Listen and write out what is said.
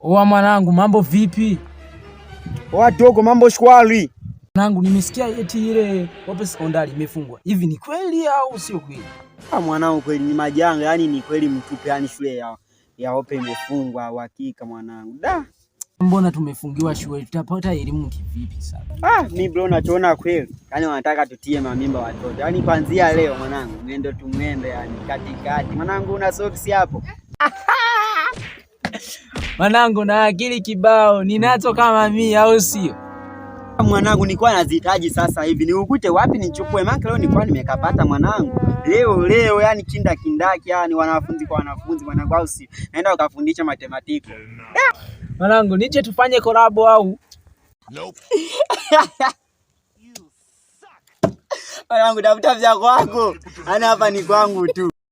Oa mwanangu, mambo vipi? Oa dogo, mambo shwari. Mwanangu, nimesikia eti ile Hope Sekondari imefungwa. Hivi ni kweli au sio kweli? Ah, mwanangu, kweli ni majanga, yani ni kweli mtupe, yani shule ya ya Hope imefungwa hakika mwanangu. Da. Mbona tumefungiwa shule? Tutapata elimu kivipi sasa? Ah, mimi bro nachoona kweli. Yaani wanataka tutie mamimba watoto. Yaani kuanzia leo mwanangu, mwendo tumwende yani katikati. Mwanangu una socks hapo? Mwanangu na akili kibao ninacho kama mimi, au sio? Mwanangu nilikuwa nazihitaji sasa hivi, niukute wapi nichukue? Maana leo nilikuwa nimekapata mwanangu, leo leo, yani kinda kindaki, yani wanafunzi kwa wanafunzi mwanangu, au sio? Naenda ukafundisha matematiko mwanangu, nije tufanye kolabo au nope. Mwanangu, tafuta vya kwako, ana hapa ni kwangu tu.